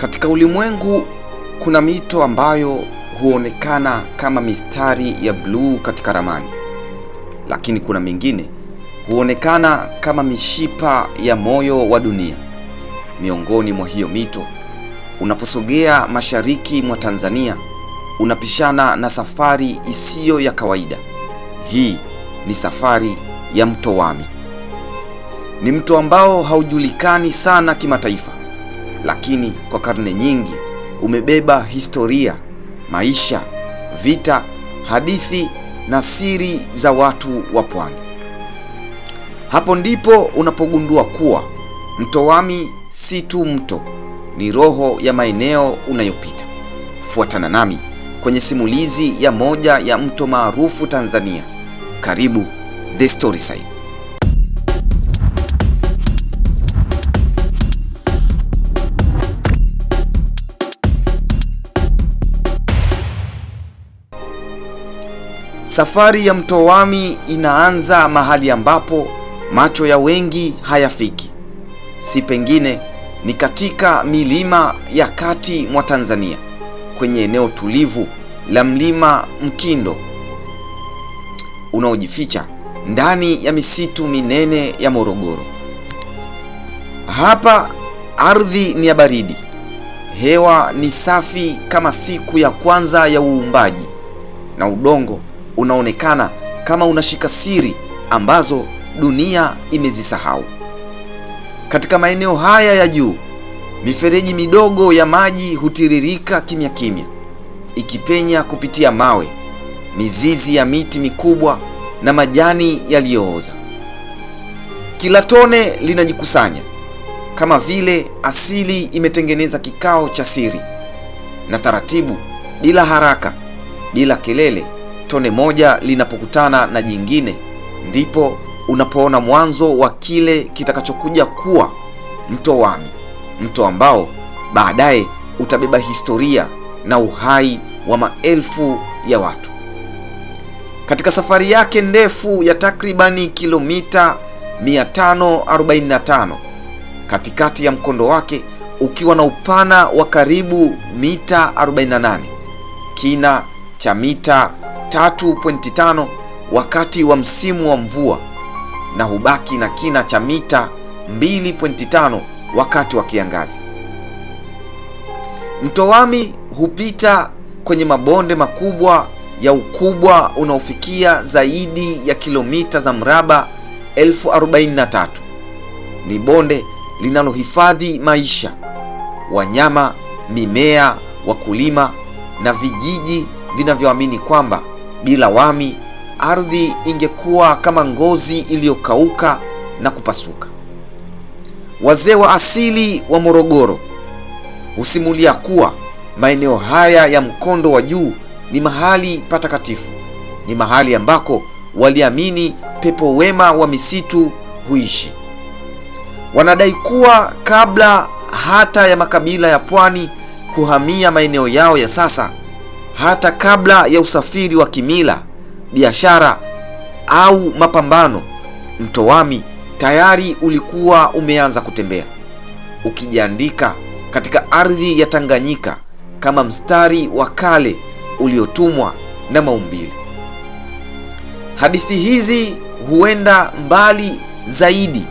Katika ulimwengu kuna mito ambayo huonekana kama mistari ya bluu katika ramani, lakini kuna mingine huonekana kama mishipa ya moyo wa dunia. Miongoni mwa hiyo mito, unaposogea mashariki mwa Tanzania, unapishana na safari isiyo ya kawaida. Hii ni safari ya mto Wami. Ni mto ambao haujulikani sana kimataifa lakini kwa karne nyingi umebeba historia, maisha, vita, hadithi na siri za watu wa pwani. Hapo ndipo unapogundua kuwa Mto Wami si tu mto, ni roho ya maeneo unayopita. Fuatana nami kwenye simulizi ya moja ya mto maarufu Tanzania. Karibu The Storyside. Safari ya Mto Wami inaanza mahali ambapo macho ya wengi hayafiki, si pengine ni katika milima ya kati mwa Tanzania, kwenye eneo tulivu la mlima Mkindo unaojificha ndani ya misitu minene ya Morogoro. Hapa ardhi ni ya baridi, hewa ni safi kama siku ya kwanza ya uumbaji, na udongo unaonekana kama unashika siri ambazo dunia imezisahau. Katika maeneo haya ya juu, mifereji midogo ya maji hutiririka kimya kimya, ikipenya kupitia mawe, mizizi ya miti mikubwa na majani yaliyooza. Kila tone linajikusanya kama vile asili imetengeneza kikao cha siri, na taratibu, bila haraka, bila kelele tone moja linapokutana na jingine, ndipo unapoona mwanzo wa kile kitakachokuja kuwa mto Wami, mto ambao baadaye utabeba historia na uhai wa maelfu ya watu. Katika safari yake ndefu ya takribani kilomita 545 katikati ya mkondo wake ukiwa na upana wa karibu mita 48, kina cha mita 3.5 wakati wa msimu wa mvua na hubaki na kina cha mita 2.5 wakati wa kiangazi. Mto Wami hupita kwenye mabonde makubwa ya ukubwa unaofikia zaidi ya kilomita za mraba 43 Ni bonde linalohifadhi maisha, wanyama, mimea, wakulima na vijiji vinavyoamini kwamba bila wami, ardhi ingekuwa kama ngozi iliyokauka na kupasuka. Wazee wa asili wa Morogoro husimulia kuwa maeneo haya ya mkondo wa juu ni mahali patakatifu, ni mahali ambako waliamini pepo wema wa misitu huishi. Wanadai kuwa kabla hata ya makabila ya pwani kuhamia maeneo yao ya sasa, hata kabla ya usafiri wa kimila, biashara au mapambano, mto Wami tayari ulikuwa umeanza kutembea ukijiandika katika ardhi ya Tanganyika kama mstari wa kale uliotumwa na maumbile. Hadithi hizi huenda mbali zaidi,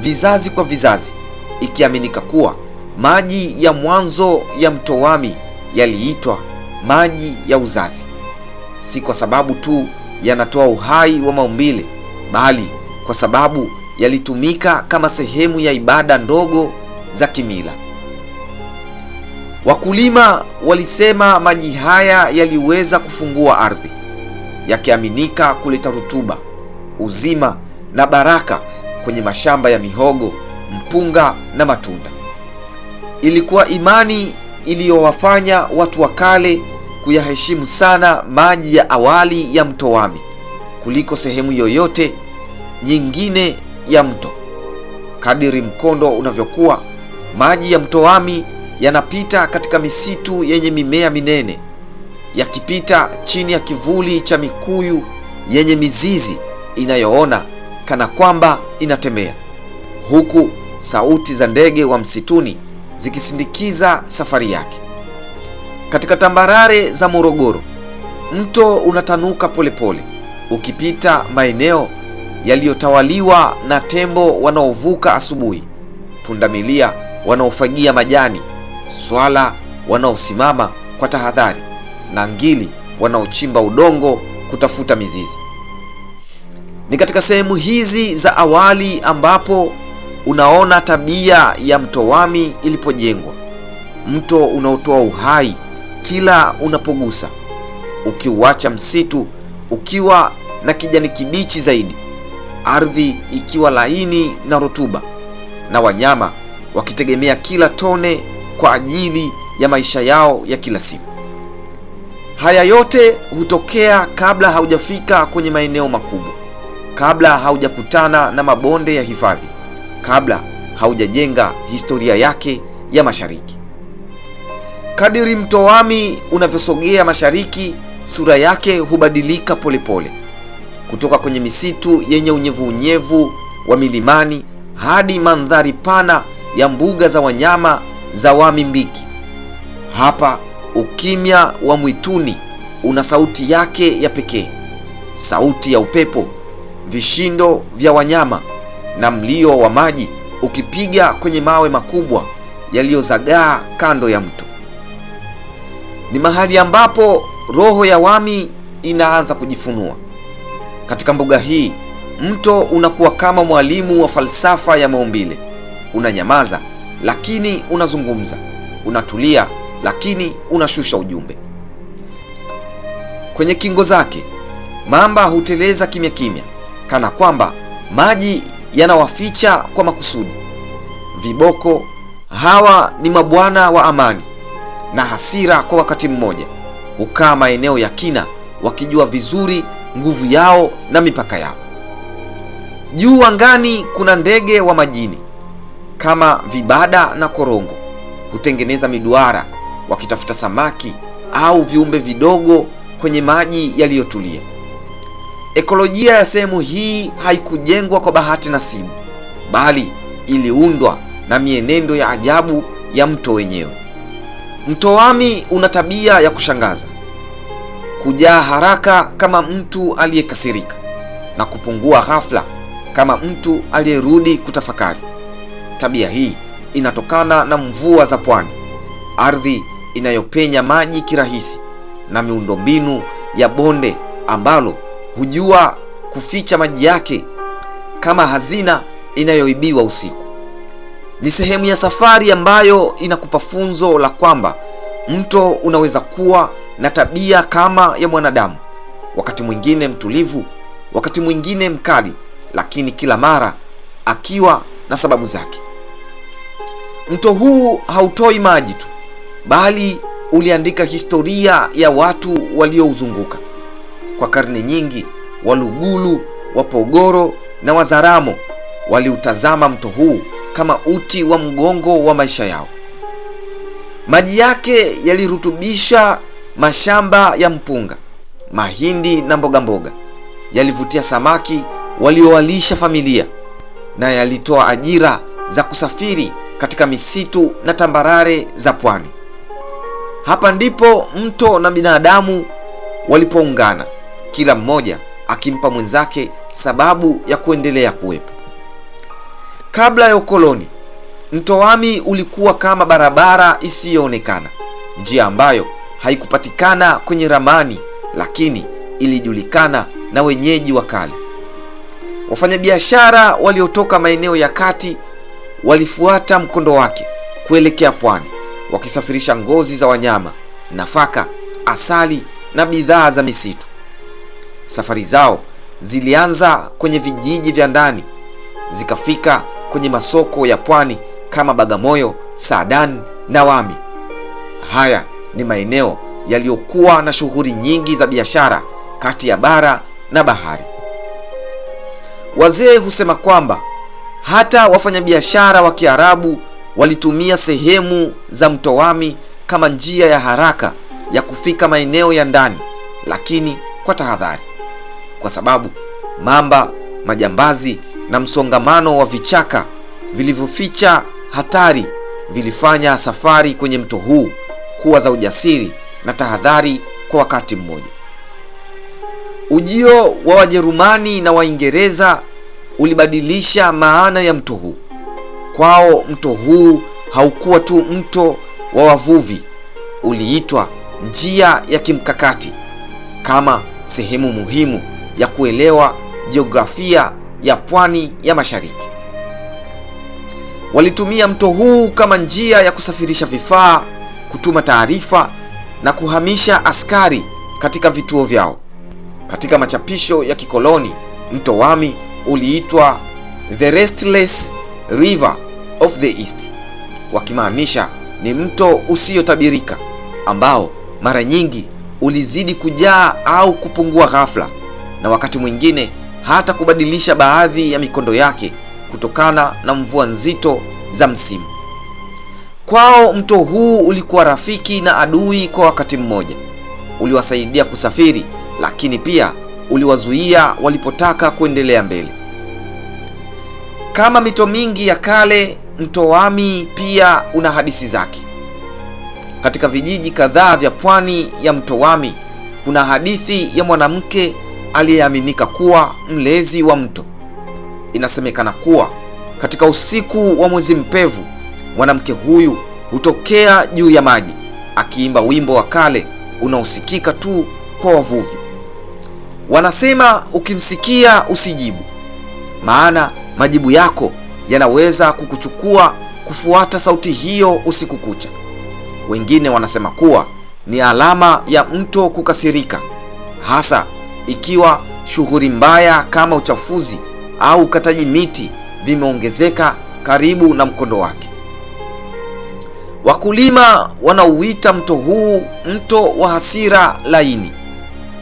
vizazi kwa vizazi, ikiaminika kuwa maji ya mwanzo ya mto Wami yaliitwa maji ya uzazi, si kwa sababu tu yanatoa uhai wa maumbile, bali kwa sababu yalitumika kama sehemu ya ibada ndogo za kimila. Wakulima walisema maji haya yaliweza kufungua ardhi, yakiaminika kuleta rutuba, uzima na baraka kwenye mashamba ya mihogo, mpunga na matunda. Ilikuwa imani iliyowafanya watu wa kale kuyaheshimu sana maji ya awali ya mto Wami kuliko sehemu yoyote nyingine ya mto. Kadiri mkondo unavyokuwa, maji ya mto Wami yanapita katika misitu yenye mimea minene, yakipita chini ya kivuli cha mikuyu yenye mizizi inayoona kana kwamba inatembea, huku sauti za ndege wa msituni zikisindikiza safari yake. Katika tambarare za Morogoro, mto unatanuka polepole pole, ukipita maeneo yaliyotawaliwa na tembo wanaovuka asubuhi, pundamilia wanaofagia majani, swala wanaosimama kwa tahadhari, na ngili wanaochimba udongo kutafuta mizizi. Ni katika sehemu hizi za awali ambapo unaona tabia ya Mtowami ilipojengwa, mto unaotoa uhai kila unapogusa, ukiuacha msitu ukiwa na kijani kibichi zaidi, ardhi ikiwa laini na rutuba, na wanyama wakitegemea kila tone kwa ajili ya maisha yao ya kila siku. Haya yote hutokea kabla haujafika kwenye maeneo makubwa, kabla haujakutana na mabonde ya hifadhi, kabla haujajenga historia yake ya mashariki. Kadiri mto Wami unavyosogea mashariki, sura yake hubadilika polepole pole, kutoka kwenye misitu yenye unyevuunyevu wa milimani hadi mandhari pana ya mbuga za wanyama za Wami Mbiki. Hapa ukimya wa mwituni una sauti yake ya pekee, sauti ya upepo, vishindo vya wanyama na mlio wa maji ukipiga kwenye mawe makubwa yaliyozagaa kando ya mto ni mahali ambapo roho ya Wami inaanza kujifunua. Katika mbuga hii, mto unakuwa kama mwalimu wa falsafa ya maumbile. Unanyamaza lakini unazungumza, unatulia lakini unashusha ujumbe. Kwenye kingo zake mamba huteleza kimya kimya, kana kwamba maji yanawaficha kwa makusudi. Viboko hawa ni mabwana wa amani na hasira kwa wakati mmoja. Hukaa maeneo ya kina, wakijua vizuri nguvu yao na mipaka yao. Juu angani kuna ndege wa majini kama vibada na korongo, hutengeneza miduara wakitafuta samaki au viumbe vidogo kwenye maji yaliyotulia. Ekolojia ya sehemu hii haikujengwa kwa bahati nasibu, bali iliundwa na mienendo ya ajabu ya mto wenyewe. Mto Wami una tabia ya kushangaza, kujaa haraka kama mtu aliyekasirika na kupungua ghafla kama mtu aliyerudi kutafakari. Tabia hii inatokana na mvua za pwani, ardhi inayopenya maji kirahisi, na miundombinu ya bonde ambalo hujua kuficha maji yake kama hazina inayoibiwa usiku. Ni sehemu ya safari ambayo inakupa funzo la kwamba mto unaweza kuwa na tabia kama ya mwanadamu, wakati mwingine mtulivu, wakati mwingine mkali, lakini kila mara akiwa na sababu zake. Mto huu hautoi maji tu, bali uliandika historia ya watu waliouzunguka kwa karne nyingi. Waluguru, Wapogoro na Wazaramo waliutazama mto huu kama uti wa mgongo wa maisha yao. Maji yake yalirutubisha mashamba ya mpunga, mahindi na mboga mboga, yalivutia samaki waliowalisha familia, na yalitoa ajira za kusafiri katika misitu na tambarare za pwani. Hapa ndipo mto na binadamu walipoungana, kila mmoja akimpa mwenzake sababu ya kuendelea kuwepo. Kabla ya ukoloni, Mtowami ulikuwa kama barabara isiyoonekana, njia ambayo haikupatikana kwenye ramani, lakini ilijulikana na wenyeji wa kale. Wafanyabiashara waliotoka maeneo ya kati walifuata mkondo wake kuelekea pwani, wakisafirisha ngozi za wanyama, nafaka, asali na bidhaa za misitu. Safari zao zilianza kwenye vijiji vya ndani, zikafika kwenye masoko ya pwani kama Bagamoyo, Saadani na Wami. Haya ni maeneo yaliyokuwa na shughuli nyingi za biashara kati ya bara na bahari. Wazee husema kwamba hata wafanyabiashara wa Kiarabu walitumia sehemu za mto Wami kama njia ya haraka ya kufika maeneo ya ndani, lakini kwa tahadhari, kwa sababu mamba, majambazi na msongamano wa vichaka vilivyoficha hatari vilifanya safari kwenye mto huu kuwa za ujasiri na tahadhari kwa wakati mmoja. Ujio wa Wajerumani na Waingereza ulibadilisha maana ya mto huu. Kwao mto huu haukuwa tu mto wa wavuvi, uliitwa njia ya kimkakati kama sehemu muhimu ya kuelewa jiografia ya pwani ya mashariki. Walitumia mto huu kama njia ya kusafirisha vifaa, kutuma taarifa na kuhamisha askari katika vituo vyao. Katika machapisho ya kikoloni, mto Wami uliitwa The Restless River of the East, wakimaanisha ni mto usiotabirika ambao mara nyingi ulizidi kujaa au kupungua ghafla na wakati mwingine hata kubadilisha baadhi ya mikondo yake kutokana na mvua nzito za msimu. Kwao mto huu ulikuwa rafiki na adui kwa wakati mmoja. Uliwasaidia kusafiri, lakini pia uliwazuia walipotaka kuendelea mbele. Kama mito mingi ya kale, mto Wami pia una hadithi zake. Katika vijiji kadhaa vya pwani ya mto Wami kuna hadithi ya mwanamke aliyeaminika kuwa mlezi wa mto. Inasemekana kuwa katika usiku wa mwezi mpevu, mwanamke huyu hutokea juu ya maji akiimba wimbo wa kale unaosikika tu kwa wavuvi. Wanasema ukimsikia usijibu, maana majibu yako yanaweza kukuchukua kufuata sauti hiyo usiku kucha. Wengine wanasema kuwa ni alama ya mto kukasirika, hasa ikiwa shughuli mbaya kama uchafuzi au ukataji miti vimeongezeka karibu na mkondo wake. Wakulima wanauita mto huu mto wa hasira laini,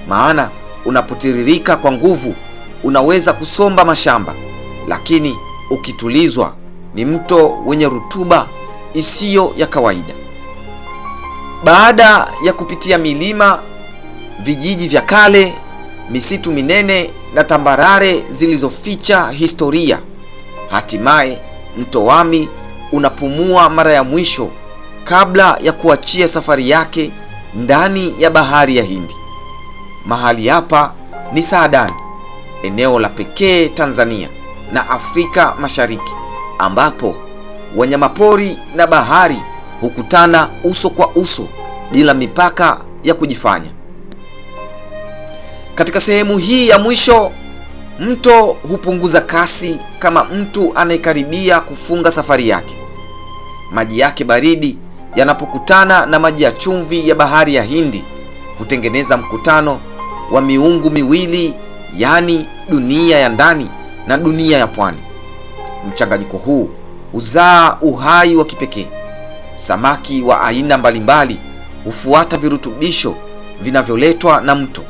maana unapotiririka kwa nguvu unaweza kusomba mashamba, lakini ukitulizwa ni mto wenye rutuba isiyo ya kawaida. Baada ya kupitia milima, vijiji vya kale misitu minene na tambarare zilizoficha historia. Hatimaye mto Wami unapumua mara ya mwisho kabla ya kuachia safari yake ndani ya bahari ya Hindi. Mahali hapa ni Saadani, eneo la pekee Tanzania na Afrika Mashariki ambapo wanyamapori na bahari hukutana uso kwa uso bila mipaka ya kujifanya. Katika sehemu hii ya mwisho, mto hupunguza kasi kama mtu anayekaribia kufunga safari yake. Maji yake baridi yanapokutana na maji ya chumvi ya bahari ya Hindi hutengeneza mkutano wa miungu miwili, yaani dunia ya ndani na dunia ya pwani. Mchanganyiko huu huzaa uhai wa kipekee. Samaki wa aina mbalimbali hufuata virutubisho vinavyoletwa na mto.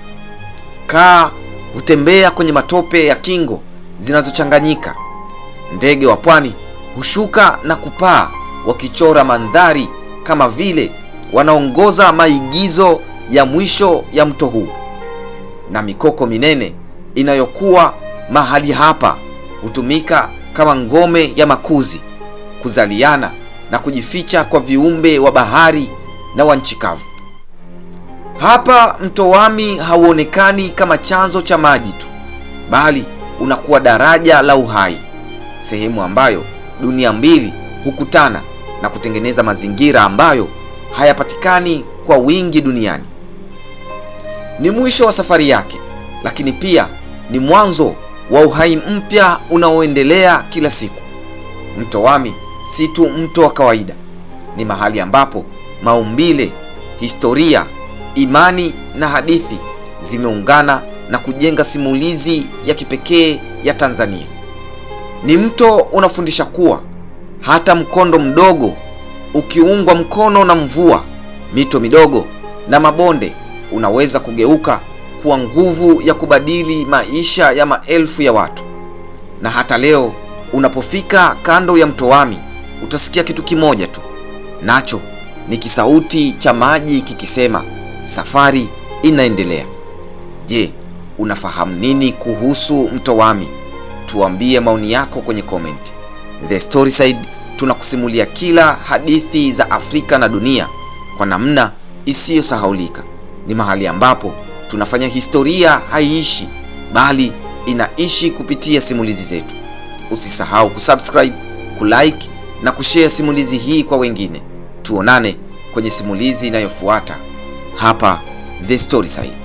Kaa hutembea kwenye matope ya kingo zinazochanganyika. Ndege wa pwani hushuka na kupaa wakichora mandhari kama vile wanaongoza maigizo ya mwisho ya mto huu. Na mikoko minene inayokuwa mahali hapa hutumika kama ngome ya makuzi, kuzaliana na kujificha kwa viumbe wa bahari na wa nchi kavu. Hapa mto Wami hauonekani kama chanzo cha maji tu, bali unakuwa daraja la uhai, sehemu ambayo dunia mbili hukutana na kutengeneza mazingira ambayo hayapatikani kwa wingi duniani. Ni mwisho wa safari yake, lakini pia ni mwanzo wa uhai mpya unaoendelea kila siku. Mto Wami si tu mto wa kawaida, ni mahali ambapo maumbile, historia imani na hadithi zimeungana na kujenga simulizi ya kipekee ya Tanzania. Ni mto unafundisha kuwa hata mkondo mdogo ukiungwa mkono na mvua, mito midogo na mabonde unaweza kugeuka kuwa nguvu ya kubadili maisha ya maelfu ya watu. Na hata leo unapofika kando ya mto Wami, utasikia kitu kimoja tu, nacho ni kisauti cha maji kikisema Safari inaendelea. Je, unafahamu nini kuhusu mto Wami? Tuambie maoni yako kwenye comment. The Storyside tunakusimulia kila hadithi za Afrika na dunia kwa namna isiyosahaulika. Ni mahali ambapo tunafanya historia haiishi bali inaishi kupitia simulizi zetu. Usisahau kusubscribe, kulike na kushare simulizi hii kwa wengine. Tuonane kwenye simulizi inayofuata hapa The Story Side.